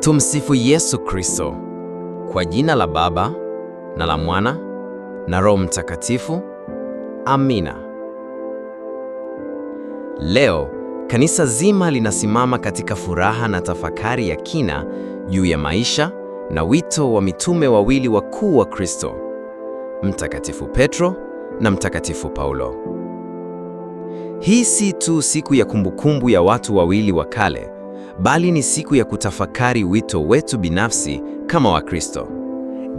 Tumsifu Yesu Kristo. Kwa jina la Baba na la Mwana na Roho Mtakatifu. Amina. Leo kanisa zima linasimama katika furaha na tafakari ya kina juu ya maisha na wito wa mitume wawili wakuu wa Kristo, Mtakatifu Petro na Mtakatifu Paulo. Hii si tu siku ya kumbukumbu ya watu wawili wa kale bali ni siku ya kutafakari wito wetu binafsi kama Wakristo,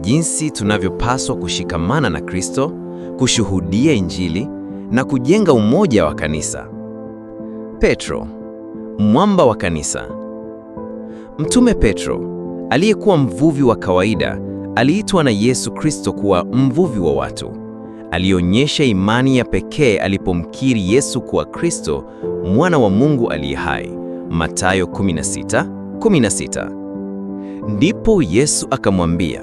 jinsi tunavyopaswa kushikamana na Kristo, kushuhudia Injili na kujenga umoja wa kanisa. Petro, mwamba wa kanisa. Mtume Petro aliyekuwa mvuvi wa kawaida aliitwa na Yesu Kristo kuwa mvuvi wa watu. Alionyesha imani ya pekee alipomkiri Yesu kuwa Kristo, mwana wa Mungu aliye hai. Mathayo 16:16. Ndipo Yesu akamwambia,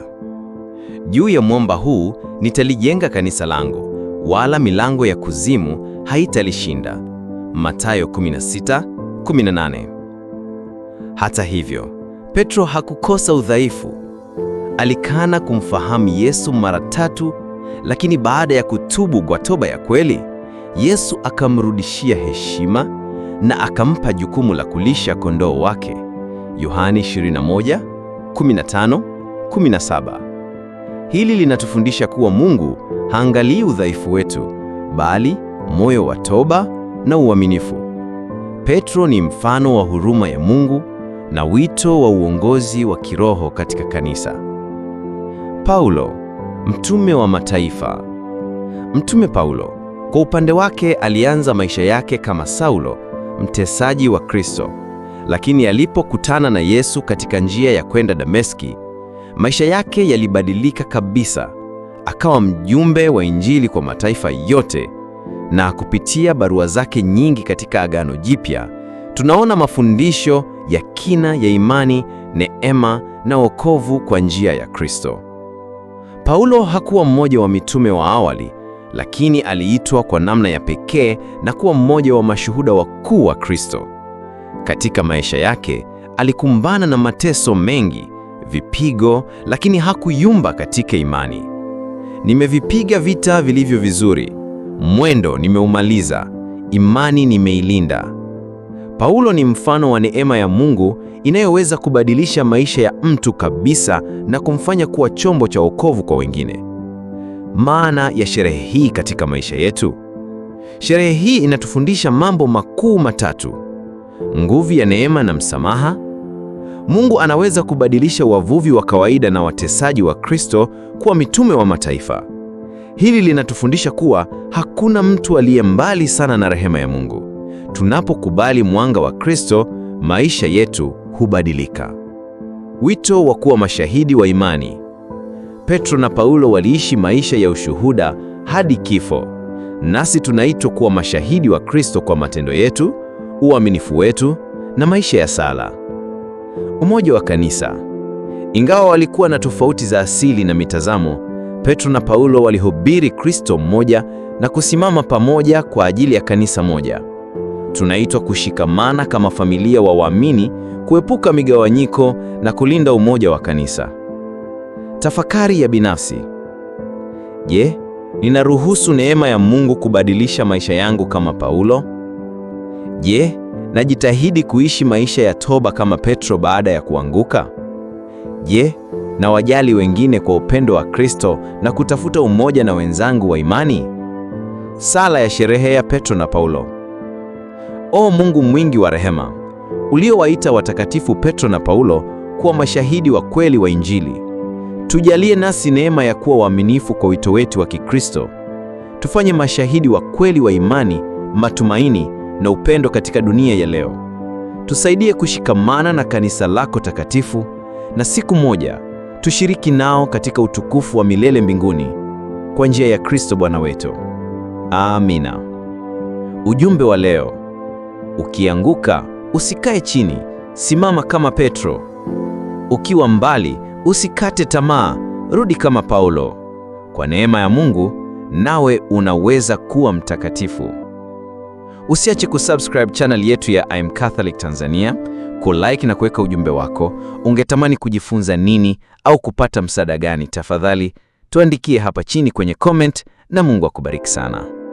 juu ya mwamba huu nitalijenga kanisa langu, wala milango ya kuzimu haitalishinda. Mathayo 16:18. Hata hivyo, Petro hakukosa udhaifu. Alikana kumfahamu Yesu mara tatu, lakini baada ya kutubu kwa toba ya kweli, Yesu akamrudishia heshima na akampa jukumu la kulisha kondoo wake. Yohani 2115 17. Hili linatufundisha kuwa Mungu haangalii udhaifu wetu, bali moyo wa toba na uaminifu. Petro ni mfano wa huruma ya Mungu na wito wa uongozi wa kiroho katika kanisa. Paulo, mtume wa mataifa. Mtume Paulo kwa upande wake alianza maisha yake kama Saulo mtesaji wa Kristo. Lakini alipokutana na Yesu katika njia ya kwenda Dameski, maisha yake yalibadilika kabisa. Akawa mjumbe wa Injili kwa mataifa yote, na kupitia barua zake nyingi katika Agano Jipya tunaona mafundisho ya kina ya imani, neema na wokovu kwa njia ya Kristo. Paulo hakuwa mmoja wa mitume wa awali, lakini aliitwa kwa namna ya pekee na kuwa mmoja wa mashuhuda wakuu wa Kristo. Katika maisha yake alikumbana na mateso mengi, vipigo, lakini hakuyumba katika imani. Nimevipiga vita vilivyo vizuri, mwendo nimeumaliza, imani nimeilinda. Paulo ni mfano wa neema ya Mungu inayoweza kubadilisha maisha ya mtu kabisa na kumfanya kuwa chombo cha wokovu kwa wengine maana ya sherehe hii katika maisha yetu. Sherehe hii inatufundisha mambo makuu matatu: nguvu ya neema na msamaha. Mungu anaweza kubadilisha wavuvi wa kawaida na watesaji wa Kristo kuwa mitume wa mataifa. Hili linatufundisha kuwa hakuna mtu aliye mbali sana na rehema ya Mungu. Tunapokubali mwanga wa Kristo, maisha yetu hubadilika. Wito wa kuwa mashahidi wa imani. Petro na Paulo waliishi maisha ya ushuhuda hadi kifo. Nasi tunaitwa kuwa mashahidi wa Kristo kwa matendo yetu, uaminifu wetu na maisha ya sala. Umoja wa kanisa. Ingawa walikuwa na tofauti za asili na mitazamo, Petro na Paulo walihubiri Kristo mmoja na kusimama pamoja kwa ajili ya kanisa moja. Tunaitwa kushikamana kama familia wa waamini, kuepuka migawanyiko na kulinda umoja wa kanisa. Tafakari ya binafsi. Je, ninaruhusu neema ya Mungu kubadilisha maisha yangu kama Paulo? Je, najitahidi kuishi maisha ya toba kama Petro baada ya kuanguka? Je, nawajali wengine kwa upendo wa Kristo na kutafuta umoja na wenzangu wa imani? Sala ya sherehe ya Petro na Paulo. O Mungu mwingi wa rehema, uliowaita watakatifu Petro na Paulo kuwa mashahidi wa kweli wa Injili Tujalie nasi neema ya kuwa waaminifu kwa wito wetu wa Kikristo. Tufanye mashahidi wa kweli wa imani, matumaini na upendo katika dunia ya leo. Tusaidie kushikamana na kanisa lako takatifu na siku moja tushiriki nao katika utukufu wa milele mbinguni kwa njia ya Kristo Bwana wetu. Amina. Ujumbe wa leo. Ukianguka, usikae chini, simama kama Petro. Ukiwa mbali, Usikate tamaa, rudi kama Paulo. Kwa neema ya Mungu nawe unaweza kuwa mtakatifu. Usiache kusubscribe channel yetu ya I'm Catholic Tanzania, kulike na kuweka ujumbe wako. Ungetamani kujifunza nini au kupata msaada gani? Tafadhali tuandikie hapa chini kwenye comment, na Mungu akubariki sana.